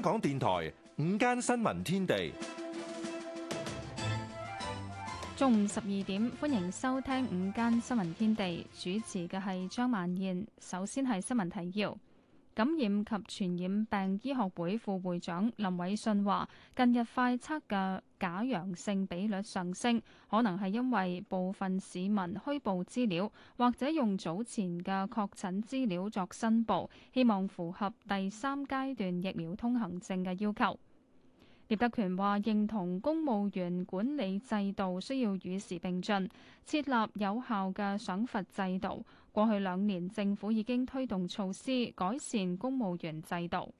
香港電台午間新聞天地，中午十二點，歡迎收聽午間新聞天地，主持嘅係張曼燕。首先係新聞提要。感染及傳染病醫學會副會長林偉信話，近日快測嘅假陽性比率上升，可能係因為部分市民虛報資料，或者用早前嘅確診資料作申報，希望符合第三階段疫苗通行證嘅要求。聶德權話，認同公務員管理制度需要與時並進，設立有效嘅賞罰制度。過去兩年，政府已經推動措施改善公務員制度。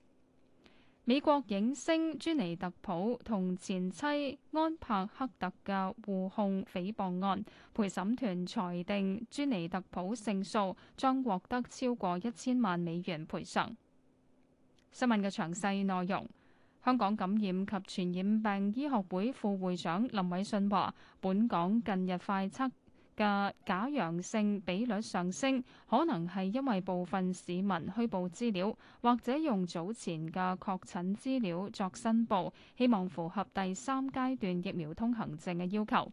美國影星朱尼特普同前妻安柏克特嘅互控誹謗案，陪審團裁定朱尼特普勝訴，將獲得超過一千萬美元賠償。新聞嘅詳細內容，香港感染及傳染病醫學會副會長林偉信話：本港近日快測嘅假陽性比率上升，可能係因為部分市民虛報資料，或者用早前嘅確診資料作申報，希望符合第三階段疫苗通行證嘅要求。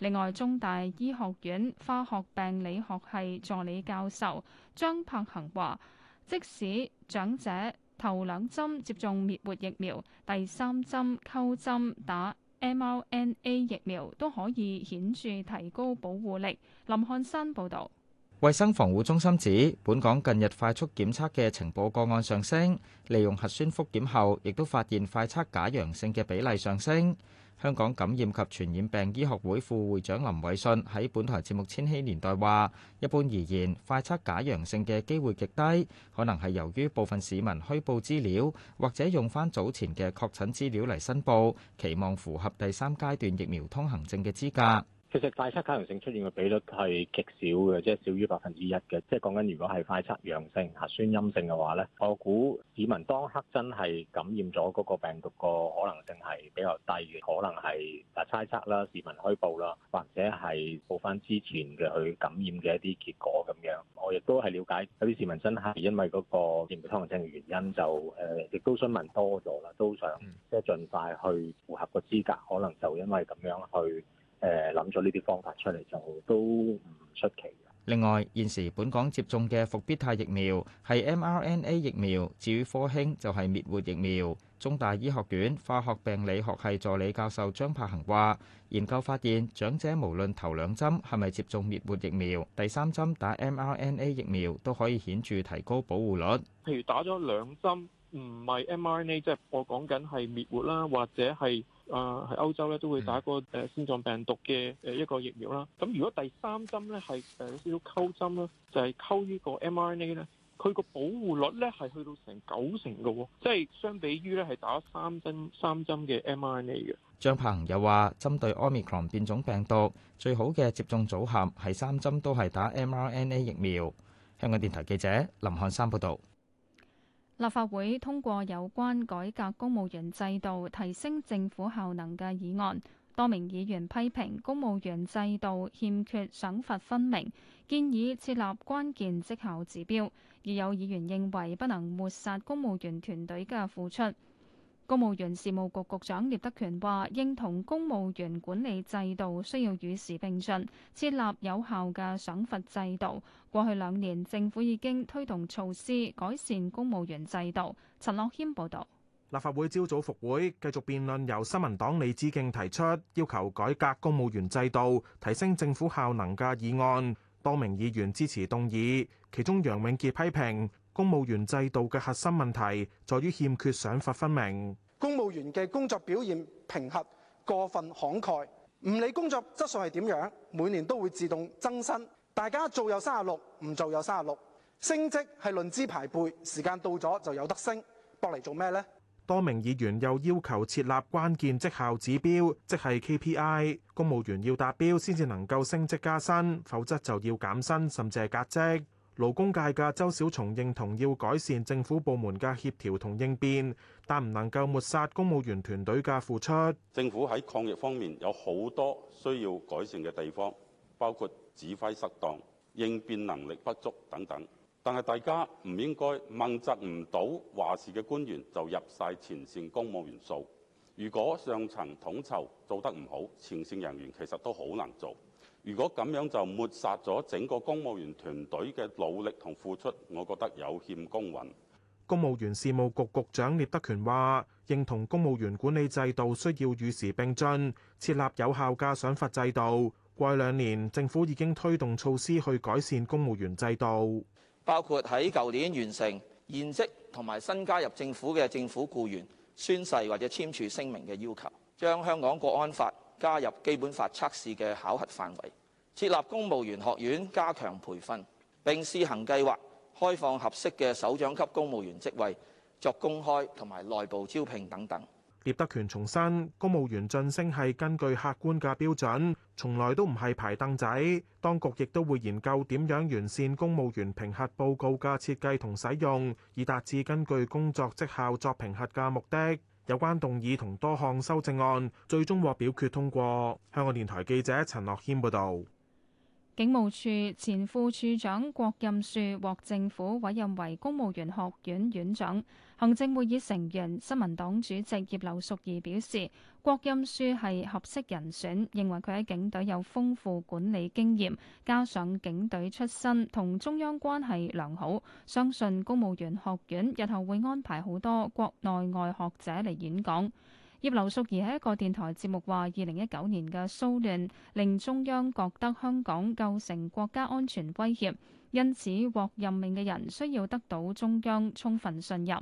另外，中大醫學院化學病理學系助理教授張柏恒話，即使長者頭兩針接種滅活疫苗，第三針溝針打。mRNA 疫苗都可以顯著提高保護力。林漢山報導，衛生防護中心指，本港近日快速檢測嘅情報個案上升，利用核酸複檢後，亦都發現快測假陽性嘅比例上升。香港感染及傳染病醫學會副會長林偉信喺本台節目《千禧年代》話，一般而言，快測假陽性嘅機會極低，可能係由於部分市民虛報資料，或者用翻早前嘅確診資料嚟申報，期望符合第三階段疫苗通行證嘅資格。其實快測假陽性出現嘅比率係極少嘅，即、就、係、是、少於百分之一嘅。即係講緊如果係快測陽性、核酸陰性嘅話咧，我估市民當刻真係感染咗嗰個病毒個可能性係比較低嘅，可能係嗱猜測啦、市民虛報啦，或者係報返之前嘅佢感染嘅一啲結果咁樣。我亦都係了解有啲市民真係因為嗰個檢測陰性嘅原因就誒，亦、呃、都詢問多咗啦，都想即係、就是、盡快去符合個資格，可能就因為咁樣去。誒諗咗呢啲方法出嚟，就都唔出奇。另外，現時本港接種嘅復必泰疫苗係 mRNA 疫苗，至於科興就係滅活疫苗。中大醫學院化學病理學系助理教授張柏恒話，研究發現，長者無論頭兩針係咪接種滅活疫苗，第三針打 mRNA 疫苗都可以顯著提高保護率。譬如打咗兩針，唔係 mRNA，即係我講緊係滅活啦，或者係啊喺歐洲咧都會打個誒冠狀病毒嘅誒一個疫苗啦。咁如果第三針咧係誒少少溝針啦，就係溝呢個 mRNA 咧，佢個保護率咧係去到成九成嘅喎，即係相比於咧係打三針三針嘅 mRNA 嘅。張鵬又話：針對 Omicron 變種病毒，最好嘅接種組合係三針都係打 mRNA 疫苗。香港電台記者林漢山報道。立法會通過有關改革公務員制度、提升政府效能嘅議案，多名議員批評公務員制度欠缺賞罰分明，建議設立關鍵績效指標；而有議員認為不能抹殺公務員團隊嘅付出。公務員事務局局長聶德權話，認同公務員管理制度需要與時並進，設立有效嘅賞罰制度。過去兩年，政府已經推動措施改善公務員制度。陳樂謙報道。立法會朝早復會，繼續辯論由新民黨李志敬提出要求改革公務員制度、提升政府效能嘅議案。多名議員支持動議，其中楊永杰批評。公務員制度嘅核心問題，在於欠缺賞罰分明。公務員嘅工作表現平合，過分慷慨，唔理工作質素係點樣，每年都會自動增薪。大家做有三十六，唔做有三十六。升職係論資排輩，時間到咗就有得升，搏嚟做咩呢？多名議員又要求設立關鍵績效指標，即係 KPI，公務員要達標先至能夠升職加薪，否則就要減薪甚至係革職。勞工界嘅周小松認同要改善政府部門嘅協調同應變，但唔能夠抹殺公務員團隊嘅付出。政府喺抗疫方面有好多需要改善嘅地方，包括指揮失當、應變能力不足等等。但係大家唔應該問責唔到話事嘅官員就入晒前線公務員數。如果上層統籌做得唔好，前線人員其實都好難做。如果咁樣就抹殺咗整個公務員團隊嘅努力同付出，我覺得有欠公允。公務員事務局局長聶德權話，認同公務員管理制度需要與時並進，設立有效嘅想法制度。過去兩年，政府已經推動措施去改善公務員制度，包括喺舊年完成現職同埋新加入政府嘅政府雇員宣誓或者簽署聲明嘅要求，將香港國安法加入基本法測試嘅考核範圍，設立公務員學院加強培訓，並試行計劃開放合適嘅首長級公務員職位作公開同埋內部招聘等等。聶德權重申，公務員晉升係根據客觀嘅標準，從來都唔係排凳仔。當局亦都會研究點樣完善公務員評核報告嘅設計同使用，以達至根據工作績效作評核嘅目的。有關動議同多項修正案最終獲表決通過。香港電台記者陳樂軒報導。警務處前副處長郭任樹獲政府委任為公務員學院院長。行政會議成員、新民黨主席葉劉淑儀表示，郭任樹係合適人選，認為佢喺警隊有豐富管理經驗，加上警隊出身同中央關係良好，相信公務員學院日後會安排好多國內外學者嚟演講。葉劉淑儀喺一個電台節目話：二零一九年嘅騷亂令中央覺得香港構成國家安全威脅，因此獲任命嘅人需要得到中央充分信任。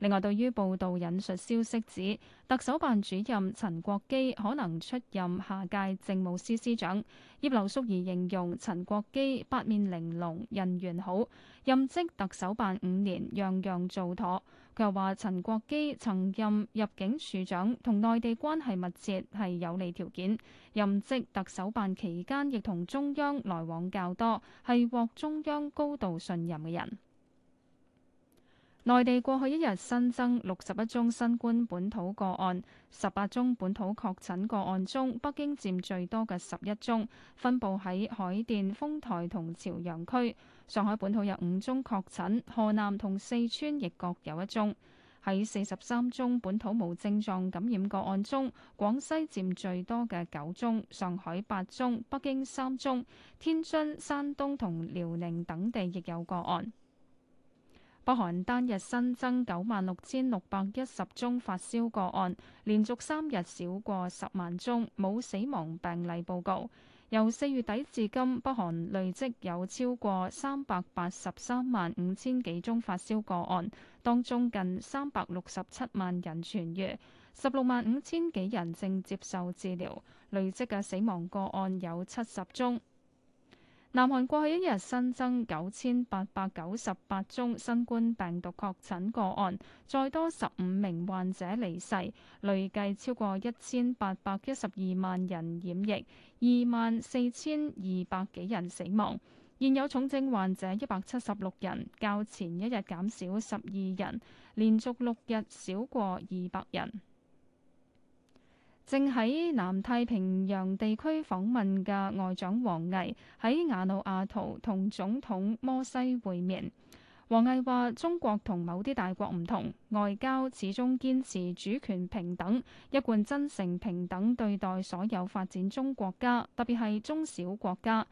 另外，對於報道引述消息指特首辦主任陳國基可能出任下屆政務司司長，葉劉淑儀形容陳國基八面玲瓏，人緣好，任職特首辦五年，樣樣做妥。又話陳國基曾任入境處長，同內地關係密切，係有利條件。任職特首辦期間，亦同中央來往較多，係獲中央高度信任嘅人。內地過去一日新增六十一宗新冠本土個案，十八宗本土確診個案中，北京佔最多嘅十一宗，分佈喺海淀、豐台同朝陽區。上海本土有五宗確診，河南同四川亦各有一宗。喺四十三宗本土無症狀感染個案中，廣西佔最多嘅九宗，上海八宗，北京三宗，天津、山東同遼寧等地亦有個案。北韓單日新增九萬六千六百一十宗發燒個案，連續三日少過十萬宗，冇死亡病例報告。由四月底至今，北韓累積有超過三百八十三萬五千幾宗發燒個案，當中近三百六十七萬人痊癒，十六萬五千幾人正接受治療，累積嘅死亡個案有七十宗。南韓過去一日新增九千八百九十八宗新冠病毒確診個案，再多十五名患者離世，累計超過一千八百一十二萬人染疫，二萬四千二百幾人死亡。現有重症患者一百七十六人，較前一日減少十二人，連續六日少過二百人。正喺南太平洋地區訪問嘅外長王毅喺瓦努阿圖同總統摩西會面。王毅話：中國同某啲大國唔同，外交始終堅持主權平等，一貫真誠平等對待所有發展中國家，特別係中小國家。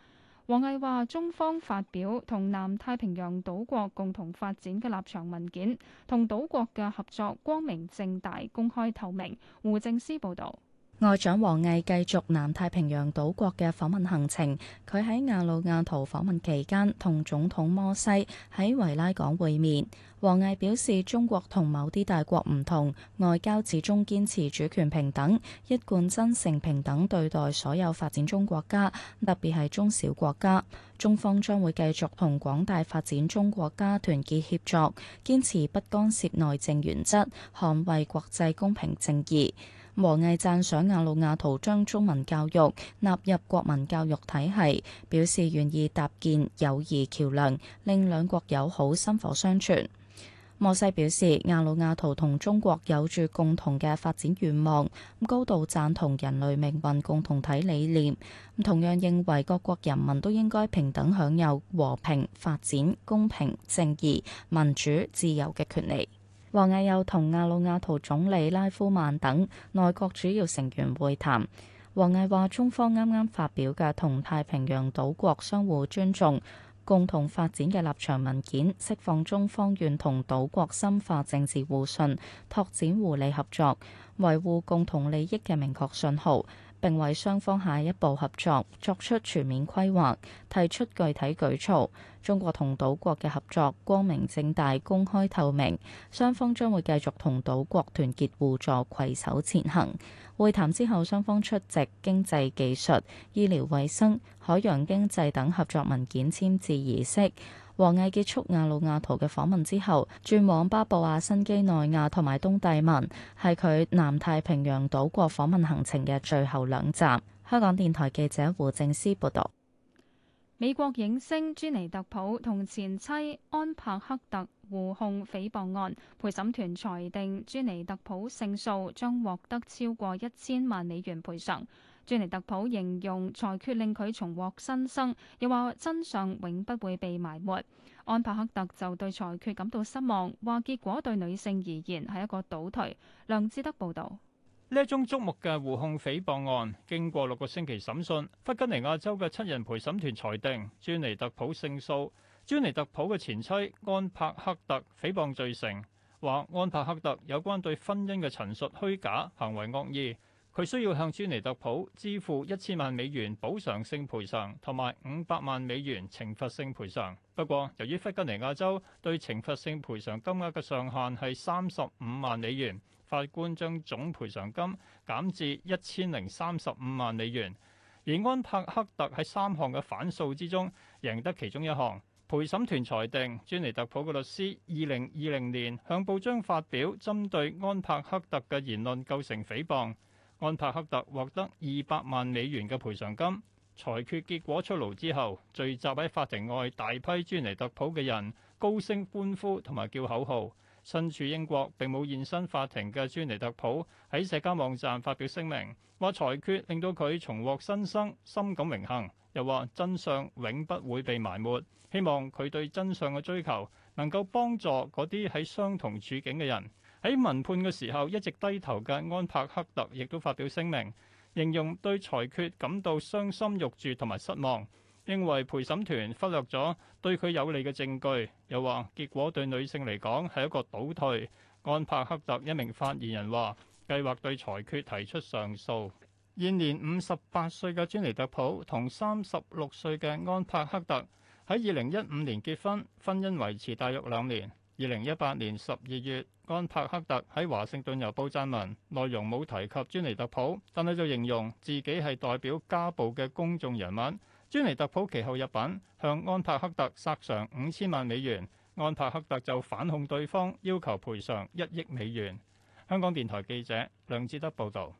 王毅話：中方發表同南太平洋島國共同發展嘅立場文件，同島國嘅合作光明正大、公開透明。胡正思報導。外長王毅繼續南太平洋島國嘅訪問行程。佢喺瓦努阿圖訪問期間，同總統摩西喺維拉港會面。王毅表示，中國同某啲大國唔同，外交始終堅持主權平等，一貫真誠平等對待所有發展中國家，特別係中小國家。中方將會繼續同廣大發展中國家團結協作，堅持不干涉內政原則，捍衛國際公平正義。和毅贊賞阿魯亞圖將中文教育納入國民教育體系，表示願意搭建友誼橋樑，令兩國友好薪火相傳。莫西表示，亞魯亞圖同中國有住共同嘅發展願望，高度贊同人類命運共同體理念，同樣認為各國人民都應該平等享有和平、發展、公平、正義、民主、自由嘅權利。王毅又同亞魯亞圖總理拉夫曼等內閣主要成員會談。王毅話：中方啱啱發表嘅同太平洋島國相互尊重、共同發展嘅立場文件，釋放中方願同島國深化政治互信、拓展互利合作、維護共同利益嘅明確信號，並為雙方下一步合作作出全面規劃，提出具體舉措。中國同島國嘅合作光明正大、公開透明，雙方將會繼續同島國團結互助、攜手前行。會談之後，雙方出席經濟、技術、醫療衛生、海洋經濟等合作文件簽字儀式。王毅結束亞魯亞圖嘅訪問之後，轉往巴布亞新畿內亞同埋東帝汶，係佢南太平洋島國訪問行程嘅最後兩站。香港電台記者胡靜思報道。美國影星朱尼特普同前妻安柏克特互控誹謗案，陪審團裁定朱尼特普勝訴，將獲得超過一千萬美元賠償。朱尼特普形容裁決令佢重獲新生，又話真相永不會被埋沒。安柏克特就對裁決感到失望，話結果對女性而言係一個倒退。梁志德報道。呢一宗觸目嘅互控誹謗案，經過六個星期審訊，弗吉尼亞州嘅七人陪審團裁定，尊尼特普勝訴。尊尼特普嘅前妻安柏克特誹謗罪成，話安柏克特有關對婚姻嘅陳述虛假，行為惡意。佢需要向尊尼特普支付一千萬美元補償性賠償，同埋五百萬美元懲罰性賠償。不過，由於弗吉尼亞州對懲罰性賠償金額嘅上限係三十五萬美元。法官將總賠償金減至一千零三十五萬美元，而安柏克特喺三項嘅反訴之中贏得其中一項。陪審團裁定，尊尼特普嘅律師二零二零年向報章發表針對安柏克特嘅言論構成誹謗。安柏克特獲得二百萬美元嘅賠償金。裁決結果出爐之後，聚集喺法庭外大批尊尼特普嘅人高聲歡呼同埋叫口號。身處英國並冇現身法庭嘅朱尼特普喺社交網站發表聲明，話裁決令到佢重獲新生，深感榮幸。又話真相永不會被埋沒，希望佢對真相嘅追求能夠幫助嗰啲喺相同處境嘅人。喺民判嘅時候一直低頭嘅安柏克特亦都發表聲明，形容對裁決感到傷心欲絕同埋失望。認為陪審團忽略咗對佢有利嘅證據，又話結果對女性嚟講係一個倒退。安柏克特一名發言人話：計劃對裁決提出上訴。現年五十八歲嘅專尼特普同三十六歲嘅安柏克特喺二零一五年結婚，婚姻維持大約兩年。二零一八年十二月，安柏克特喺華盛頓郵報撰文，內容冇提及專尼特普，但係就形容自己係代表家暴嘅公眾人物。尊尼特普其後入稟，向安帕克特索償五千萬美元，安帕克特就反控對方要求賠償一億美元。香港電台記者梁志德報導。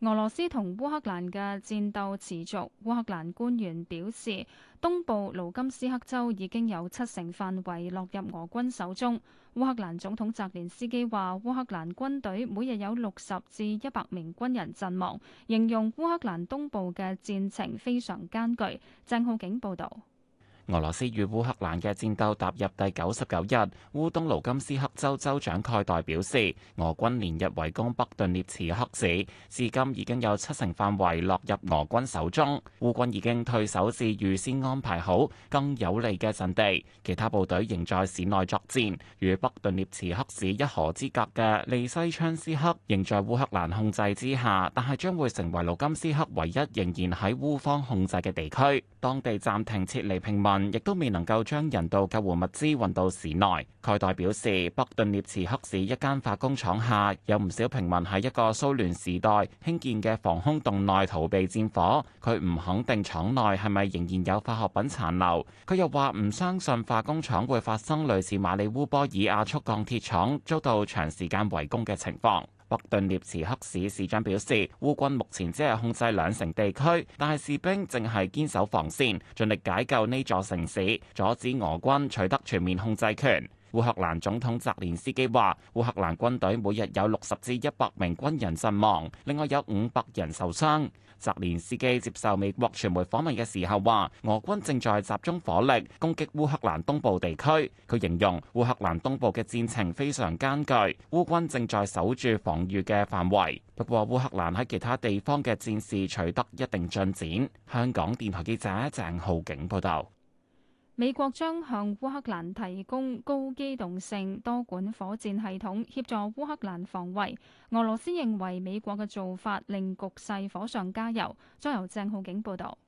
俄羅斯同烏克蘭嘅戰鬥持續。烏克蘭官員表示，東部盧甘斯克州已經有七成範圍落入俄軍手中。烏克蘭總統澤連斯基話，烏克蘭軍隊每日有六十至一百名軍人陣亡，形容烏克蘭東部嘅戰情非常艱巨。鄭浩景報道。俄羅斯與烏克蘭嘅戰鬥踏入第九十九日，烏東盧金斯克州州長蓋代表示，俄軍連日圍攻北頓涅茨克市，至今已經有七成範圍落入俄軍手中。烏軍已經退守至預先安排好更有利嘅陣地，其他部隊仍在市內作戰。與北頓涅茨克市一河之隔嘅利西昌斯克仍在烏克蘭控制之下，但係將會成為盧金斯克唯一仍然喺烏方控制嘅地區。當地暫停撤離平民，亦都未能夠將人道救援物資運到市內。該代表示，北頓涅茨克市一間化工廠下有唔少平民喺一個蘇聯時代興建嘅防空洞內逃避戰火。佢唔肯定廠內係咪仍然有化學品殘留。佢又話唔相信化工廠會發生類似馬里烏波爾亞速鋼鐵廠遭到長時間圍攻嘅情況。北頓涅茨克市市長表示，烏軍目前只係控制兩成地區，但係士兵正係堅守防線，盡力解救呢座城市，阻止俄軍取得全面控制權。烏克蘭總統澤連斯基話：烏克蘭軍隊每日有六十至一百名軍人陣亡，另外有五百人受傷。澤連斯基接受美國傳媒訪問嘅時候話：俄軍正在集中火力攻擊烏克蘭東部地區。佢形容烏克蘭東部嘅戰情非常艱巨，烏軍正在守住防御嘅範圍。不過烏克蘭喺其他地方嘅戰事取得一定進展。香港電台記者鄭浩景報道。美國將向烏克蘭提供高機動性多管火箭系統，協助烏克蘭防衛。俄羅斯認為美國嘅做法令局勢火上加油。將由鄭浩景報導。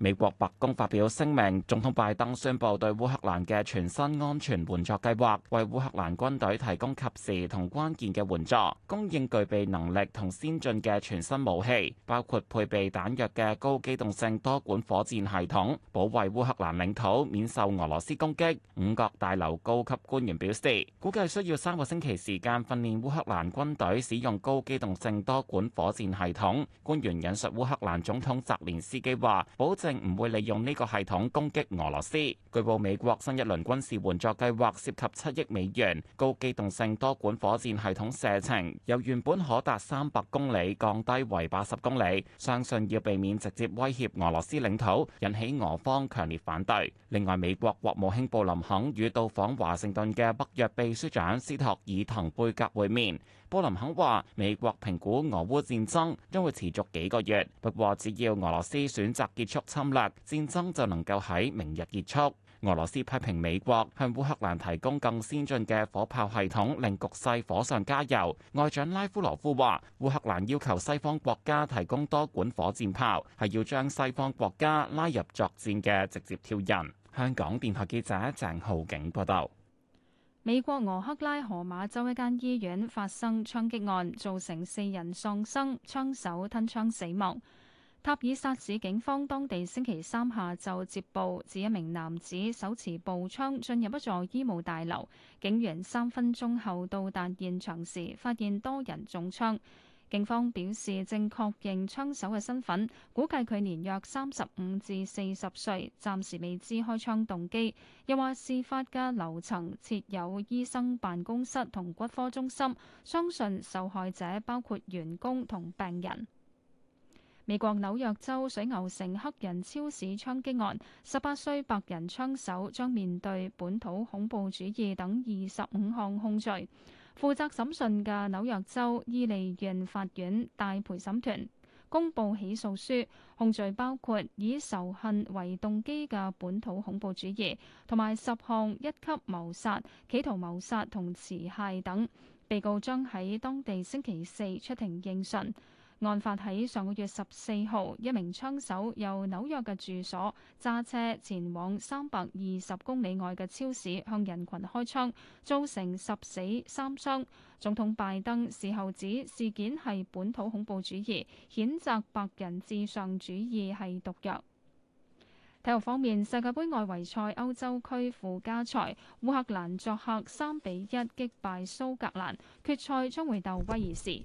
美國白宮發表聲明，總統拜登宣布對烏克蘭嘅全新安全援助計劃，為烏克蘭軍隊提供及時同關鍵嘅援助，供應具備能力同先進嘅全新武器，包括配備彈藥嘅高機動性多管火箭系統，保衛烏克蘭領土免受俄羅斯攻擊。五角大樓高級官員表示，估計需要三個星期時間訓練烏克蘭軍隊使用高機動性多管火箭系統。官員引述烏克蘭總統澤連斯基話，保證並唔會利用呢個系統攻擊俄羅斯。據報，美國新一輪軍事援助計劃涉及七億美元，高機動性多管火箭系統射程，由原本可達三百公里降低為八十公里，相信要避免直接威脅俄羅斯領土，引起俄方強烈反對。另外，美國國務卿布林肯與到訪華盛頓嘅北約秘書長斯托爾滕貝格會面。布林肯話美國評估俄烏戰爭將會持續幾個月，不過只要俄羅斯選擇結束侵略，戰爭就能夠喺明日結束。俄羅斯批評美國向烏克蘭提供更先進嘅火炮系統，令局勢火上加油。外長拉夫羅夫話，烏克蘭要求西方國家提供多管火箭炮，係要將西方國家拉入作戰嘅直接挑釁。香港電台記者鄭浩景報道。美國俄克拉荷馬州一間醫院發生槍擊案，造成四人喪生，槍手吞槍死亡。塔爾薩市警方當地星期三下晝接報，指一名男子手持步槍進入一座醫務大樓，警員三分鐘後到達現場時，發現多人中槍。警方表示正確認槍手嘅身份，估計佢年約三十五至四十歲，暫時未知開槍動機。又話事發家樓層設有醫生辦公室同骨科中心，相信受害者包括員工同病人。美國紐約州水牛城黑人超市槍擊案，十八歲白人槍手將面對本土恐怖主義等二十五項控罪。負責審訊嘅紐約州伊利縣法院大陪審團公佈起訴書，控罪包括以仇恨為動機嘅本土恐怖主義，同埋十項一級謀殺、企圖謀殺同持械等。被告將喺當地星期四出庭應訊。案發喺上個月十四號，一名槍手由紐約嘅住所揸車前往三百二十公里外嘅超市，向人群開槍，造成十死三傷。總統拜登事後指事件係本土恐怖主義，譴責白人至上主義係毒藥。體育方面，世界盃外圍賽歐洲區附加賽，烏克蘭作客三比一擊敗蘇格蘭，決賽將會鬥威爾士。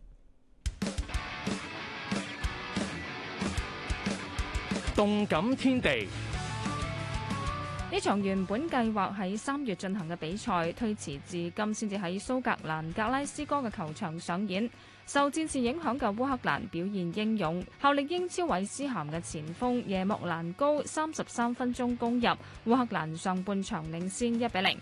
動感天地，呢場原本計劃喺三月進行嘅比賽，推遲至今先至喺蘇格蘭格拉斯哥嘅球場上演。受戰事影響嘅烏克蘭表現英勇，效力英超韋斯咸嘅前鋒耶莫蘭高三十三分鐘攻入，烏克蘭上半場領先一比零。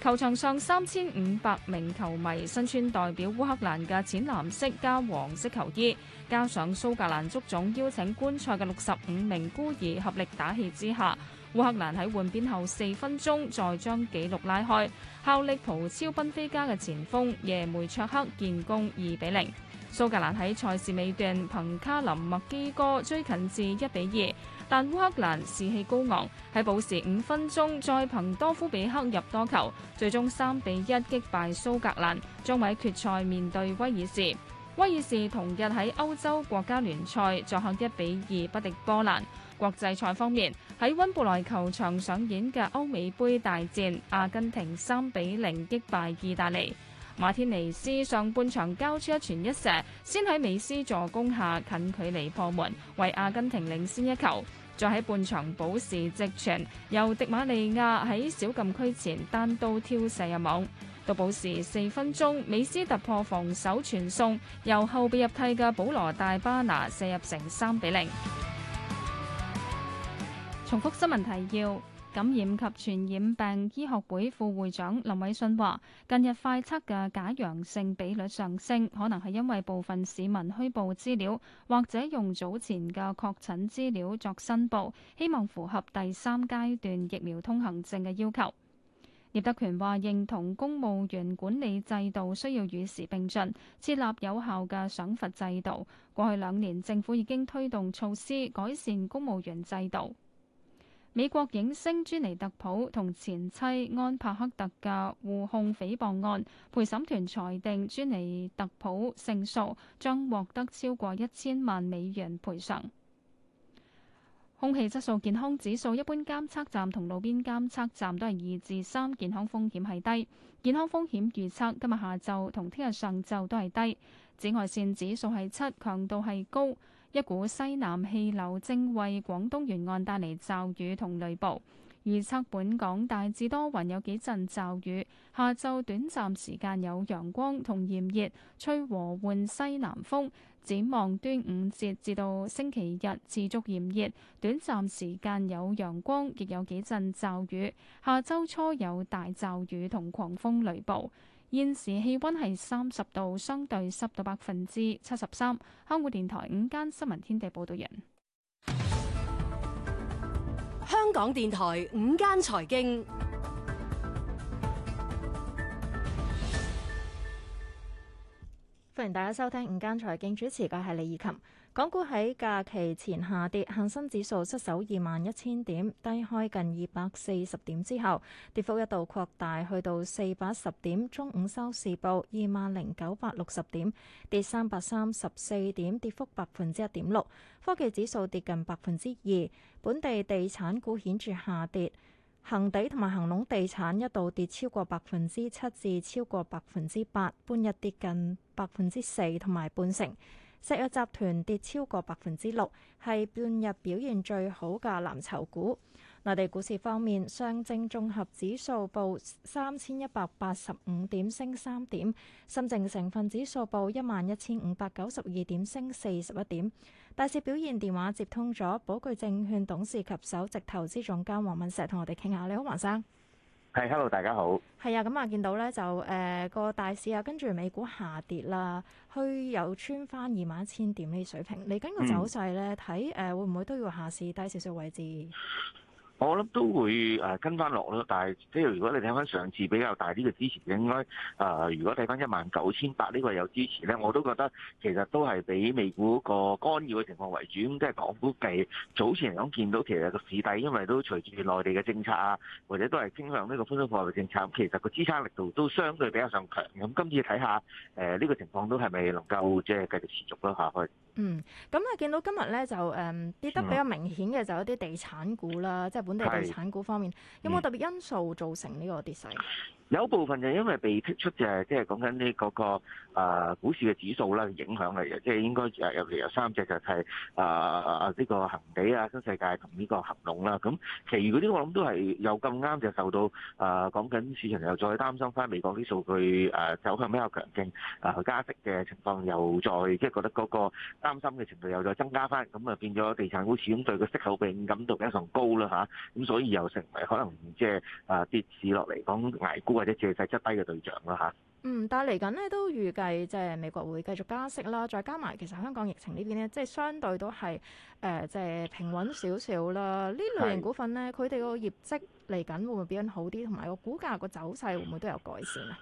球場上三千五百名球迷身穿代表烏克蘭嘅淺藍色加黃色球衣，加上蘇格蘭足總邀請觀賽嘅六十五名孤兒合力打氣之下，烏克蘭喺換邊後四分鐘再將紀錄拉開，效力葡超賓菲加嘅前鋒耶梅卓克建功二比零。蘇格蘭喺賽事尾段憑卡林麥基哥追近至一比二。但烏克蘭士氣高昂，喺補時五分鐘再憑多夫比克入多球，最終三比一擊敗蘇格蘭，將喺決賽面對威爾士。威爾士同日喺歐洲國家聯賽作客一比二不敵波蘭。國際賽方面，喺溫布萊球場上演嘅歐美杯大戰，阿根廷三比零擊敗意大利。馬天尼斯上半場交出一傳一射，先喺美斯助攻下近距離破門，為阿根廷領先一球。再喺半場保時直傳，由迪馬利亞喺小禁區前單刀挑射入網。到保時四分鐘，美斯突破防守傳送，由後備入替嘅保羅大巴拿射入成三比零。重複新聞提要。感染及傳染病醫學會副會長林偉信話，近日快測嘅假陽性比率上升，可能係因為部分市民虛報資料或者用早前嘅確診資料作申報，希望符合第三階段疫苗通行證嘅要求。聶德權話，認同公務員管理制度需要與時並進，設立有效嘅賞罰制度。過去兩年，政府已經推動措施改善公務員制度。美國影星朱尼特普同前妻安柏克特嘅互控誹謗案，陪審團裁定朱尼特普勝訴，將獲得超過一千萬美元賠償。空氣質素健康指數，一般監測站同路邊監測站都係二至三，健康風險係低。健康風險預測今日下晝同聽日上晝都係低。紫外線指數係七，強度係高。一股西南氣流正為廣東沿岸帶嚟驟雨同雷暴，預測本港大致多雲，有幾陣驟雨。下晝短暫時間有陽光同炎熱，吹和緩西南風。展望端午節至到星期日持續炎熱，短暫時間有陽光，亦有幾陣驟雨。下週初有大驟雨同狂風雷暴。現時氣溫係三十度，相對濕度百分之七十三。香港電台午間新聞天地報道人，香港電台午間財經。歡迎大家收聽午間財經，主持嘅係李以琴。港股喺假期前下跌，恒生指數失守二萬一千點，低開近二百四十點之後跌幅一度擴大去到四百一十點，中午收市報二萬零九百六十點跌三百三十四點，跌幅百分之一點六。科技指數跌近百分之二，本地地產股顯著下跌，恒地同埋恒隆地產一度跌超過百分之七至超過百分之八，半日跌近百分之四同埋半成。石藥集團跌超過百分之六，係半日表現最好嘅藍籌股。內地股市方面，上證綜合指數報三千一百八十五點，升三點，深證成分指數報一萬一千五百九十二點，升四十一點。大市表現，電話接通咗，寶巨證券董事及首席投資總監黃敏石同我哋傾下。你好，黃生。Hello, 大家好。係啊，咁啊，見到咧就誒個、呃、大市啊，跟住美股下跌啦，去又穿翻二萬一千點呢水平。嚟緊個走勢咧，睇誒會唔會都要下市低少少位置？嗯我諗都會誒跟翻落咯，但係即係如果你睇翻上次比較大啲嘅支持，應該誒、呃、如果睇翻一萬九千八呢個有支持咧，我都覺得其實都係比美股個干擾嘅情況為主。咁即係估計早前嚟講見到其實個市底，因為都隨住內地嘅政策啊，或者都係傾向呢個寬鬆貨幣政策，其實個支撐力度都相對比較上強。咁今次睇下誒呢個情況都係咪能夠即係繼續持續咯下去？嗯，咁、嗯、啊，見到今日咧就誒、嗯、跌得比較明顯嘅就有啲地產股啦，嗯、即係本地地產股方面，是有冇特別因素造成呢個跌勢？嗯、有部分就因為被剔出，就即係講緊呢個個，誒、啊、股市嘅指數啦，影響嚟嘅，即係應該誒、啊，尤其有三隻就係誒誒呢個恒地啊、新世界同呢個恆隆啦。咁、啊，其餘嗰啲我諗都係又咁啱，就受到誒講緊市場又再擔心翻美國啲數據誒、啊、走向比較強勁，誒、啊、加息嘅情況又再即係覺得嗰個擔心嘅程度又再增加翻，咁啊變咗地產股市咁對個息口敏感度比較高啦嚇，咁、啊啊、所以又成為可能即係誒跌市落嚟講捱沽或者借勢質低嘅對象啦嚇。啊啊嗯，但係嚟緊咧，都預計即係美國會繼續加息啦，再加埋其實香港疫情呢邊咧，即係相對都係誒即係平穩少少啦。呢類型股份咧，佢哋個業績嚟緊會唔會變好啲，同埋個股價個走勢會唔會都有改善啊？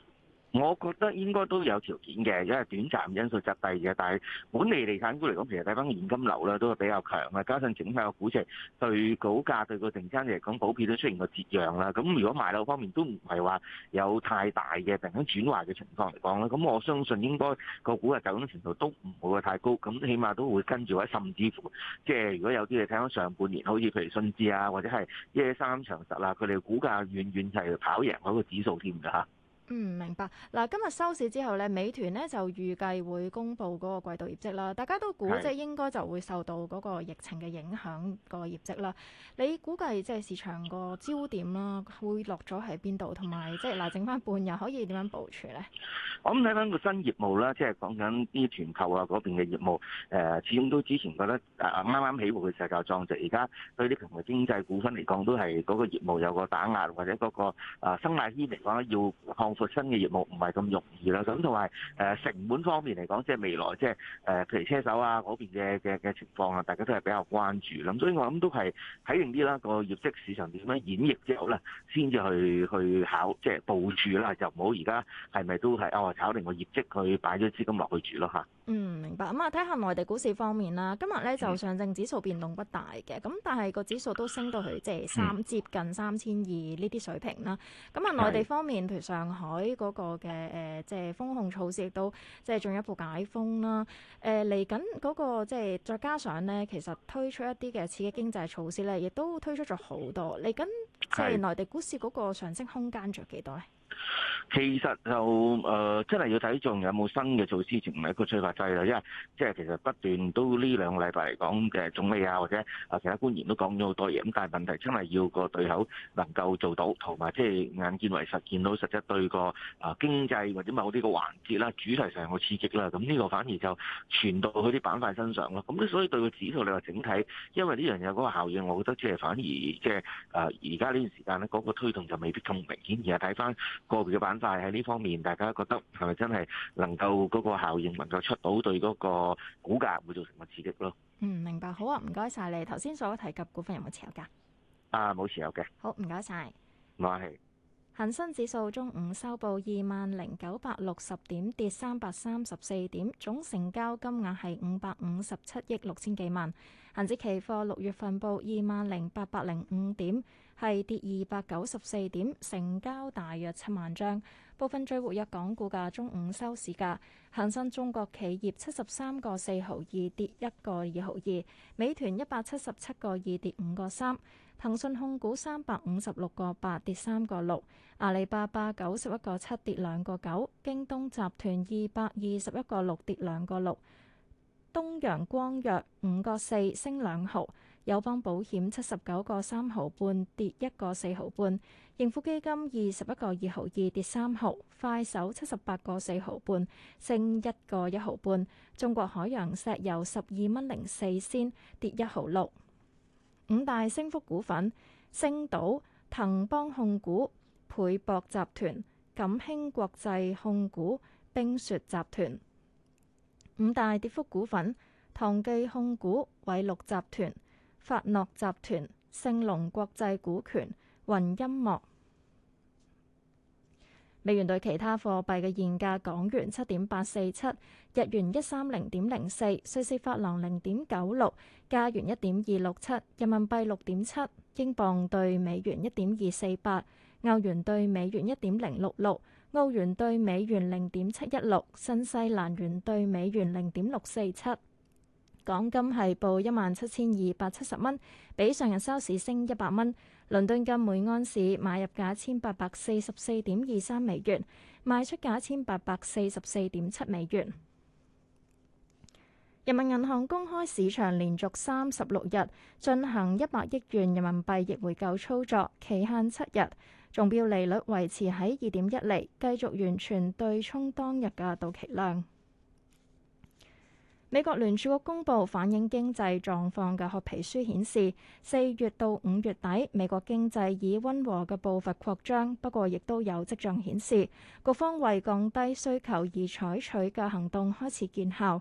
我覺得應該都有條件嘅，因為短暫因素質低嘅。但係本地地產股嚟講，其實睇翻現金流咧都係比較強嘅。加上整體個股市對股價對個整間嚟講，普遍都出現個折讓啦。咁如果賣樓方面都唔係話有太大嘅突然間轉壞嘅情況嚟講咧，咁我相信應該個股嘅走動程度都唔會話太高。咁起碼都會跟住喎，甚至乎即係如果有啲嘢睇翻上半年，好似譬如信資啊，或者係一三長實啊，佢哋股價遠遠係跑贏嗰個指數添㗎。嗯，明白。嗱，今日收市之後咧，美團咧就預計會公布嗰個季度業績啦。大家都估即係應該就會受到嗰個疫情嘅影響個業績啦。是你估計即係市場個焦點啦，會落咗喺邊度？同埋即係嗱，剩翻半日可以點樣部署咧？我諗睇翻個新業務啦，即係講緊啲團購啊嗰邊嘅業務誒、呃、始終都之前覺得誒啱啱起步嘅世界壯碩，而家對啲平台經濟股份嚟講都係嗰個業務有個打壓或者嗰、那個誒、啊、生態鏈嚟講要復新嘅業務唔係咁容易啦，咁同埋誒成本方面嚟講，即係未來即係誒譬如車手啊嗰邊嘅嘅嘅情況啊，大家都係比較關注。咁所以我諗都係睇定啲啦，個業績市場點樣演繹之後咧，先至去去考即係部署啦，就唔好而家係咪都係哦炒定個業績去擺咗資金落去住咯吓，嗯，明白。咁啊睇下內地股市方面啦，今日咧就上證指數變動不大嘅，咁、嗯、但係個指數都升到去即係三接近三千二呢啲水平啦。咁啊內地方面譬如上海。改嗰個嘅誒即係風控措施亦都即係進一步解封啦。誒嚟緊嗰個即係再加上咧，其實推出一啲嘅刺激經濟措施咧，亦都推出咗好多。嚟緊，即係內地股市嗰個上升空間仲有幾多咧？其實就誒、呃，真係要睇重有冇新嘅措施，仲唔係一個催化劑啦？因為即係其實不斷都呢兩個禮拜嚟講嘅總理啊，或者啊其他官員都講咗好多嘢。咁但係問題真係要個對口能夠做到，同埋即係眼見為實，見到實際對個啊經濟或者某啲個環節啦、主題上個刺激啦，咁呢個反而就傳到去啲板塊身上咯。咁所以對個指數你話整體，因為呢樣嘢嗰個效應，我覺得即係反而即係啊而家呢段時間咧，嗰個推動就未必咁明顯。而係睇翻個別嘅板。快喺呢方面，大家覺得係咪真係能夠嗰個效應能夠出到對嗰個股價會造成個刺激咯？嗯，明白。好啊，唔該曬你。頭先所提及股份有冇持有噶？啊，冇持有嘅。好，唔該曬。唔該，係。恒生指數中午收報二萬零九百六十點，跌三百三十四點，總成交金額係五百五十七億六千幾萬。恒指期貨六月份報二萬零八百零五點，係跌二百九十四點，成交大約七萬張。部分最活躍港股嘅中午收市價，恒生中國企業七十三個四毫二，跌一個二毫二；美團一百七十七個二，跌五個三。騰訊控股三百五十六個八跌三個六，阿里巴巴九十一個七跌兩個九，京東集團二百二十一個六跌兩個六，東陽光藥五個四升兩毫，友邦保險七十九個三毫半跌一個四毫半，盈富基金二十一個二毫二跌三毫，快手七十八個四毫半升一個一毫半，中國海洋石油十二蚊零四仙跌一毫六。五大升幅股份：星島、騰邦控股、倍博集團、錦興國際控股、冰雪集團。五大跌幅股份：唐記控股、偉綠集團、發諾集團、盛隆國際股權、雲音樂。美元對其他貨幣嘅現價：港元七點八四七，日元一三零點零四，瑞士法郎零點九六，加元一點二六七，人民幣六點七，英鎊對美元一點二四八，歐元對美元一點零六六，澳元對美元零點七一六，新西蘭元對美元零點六四七。港金係報一萬七千二百七十蚊，比上日收市升一百蚊。倫敦嘅每安士買入價一千八百四十四點二三美元，賣出價一千八百四十四點七美元。人民銀行公開市場連續三十六日進行一百億元人民幣逆回購操作，期限七日，中標利率維持喺二點一厘，繼續完全對沖當日嘅到期量。美國聯儲局公佈反映經濟狀況嘅褐皮書顯示，四月到五月底美國經濟以溫和嘅步伐擴張，不過亦都有跡象顯示，各方為降低需求而採取嘅行動開始見效。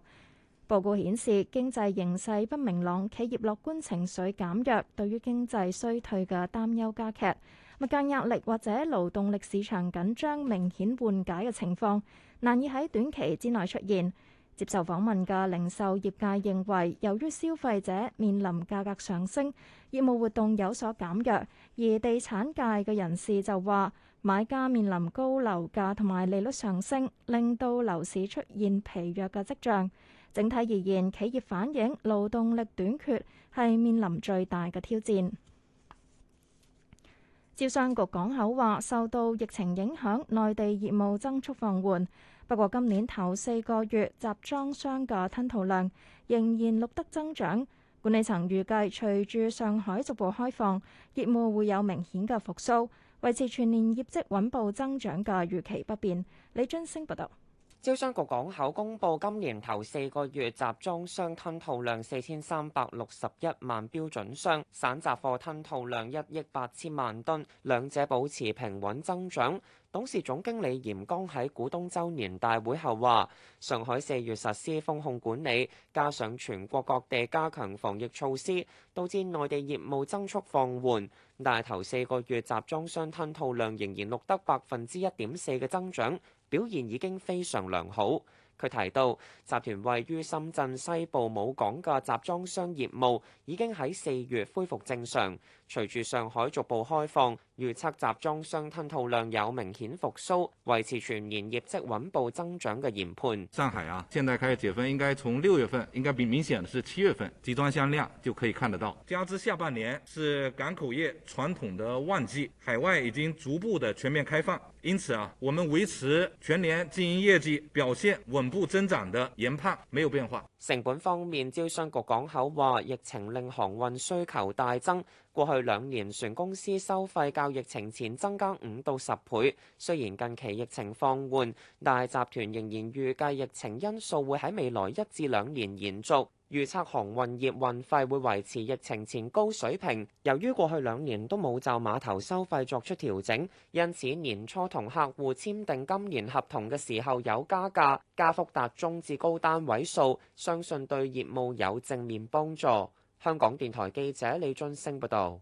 報告顯示，經濟形勢不明朗，企業樂觀情緒減弱，對於經濟衰退嘅擔憂加劇。物價壓力或者勞動力市場緊張明顯緩解嘅情況，難以喺短期之內出現。接受訪問嘅零售業界認為，由於消費者面臨價格上升，業務活動有所減弱；而地產界嘅人士就話，買家面臨高樓價同埋利率上升，令到樓市出現疲弱嘅跡象。整體而言，企業反映勞動力短缺係面臨最大嘅挑戰。招商局港口話受到疫情影響，內地業務增速放緩，不過今年頭四個月，集裝箱嘅吞吐量仍然錄得增長，管理層預計隨住上海逐步開放，業務會有明顯嘅復蘇，維持全年業績穩步增長嘅預期不變，李津升報道。招商局港口公布，今年頭四個月集裝箱吞吐量四千三百六十一萬標準箱，散雜貨吞吐量一億八千萬噸，兩者保持平穩增長。董事總經理嚴剛喺股東周年大會後話：上海四月實施封控管理，加上全國各地加強防疫措施，導致內地業務增速放緩，但頭四個月集裝箱吞吐量仍然錄得百分之一點四嘅增長。表現已經非常良好。佢提到集團位於深圳西部母港嘅集裝箱業務已經喺四月恢復正常。隨住上海逐步開放，預測集裝箱吞吐量有明顯復甦，維持全年業績穩步增長嘅研判。上海啊，現在開始解封，應該從六月份，應該比明顯的是七月份，集裝箱量就可以看得到。加之下半年是港口業傳統的旺季，海外已經逐步的全面開放。因此啊，我們維持全年經營業績表現穩步增長的研判沒有變化。成本方面，招商局港口話疫情令航運需求大增，過去兩年船公司收費較疫情前增加五到十倍。雖然近期疫情放緩，但集團仍然預計疫情因素會喺未來一至兩年延續。預測航運業運費會維持疫情前高水平，由於過去兩年都冇就碼頭收費作出調整，因此年初同客戶簽訂今年合同嘅時候有加價，加幅達中至高單位數，相信對業務有正面幫助。香港電台記者李俊升報導。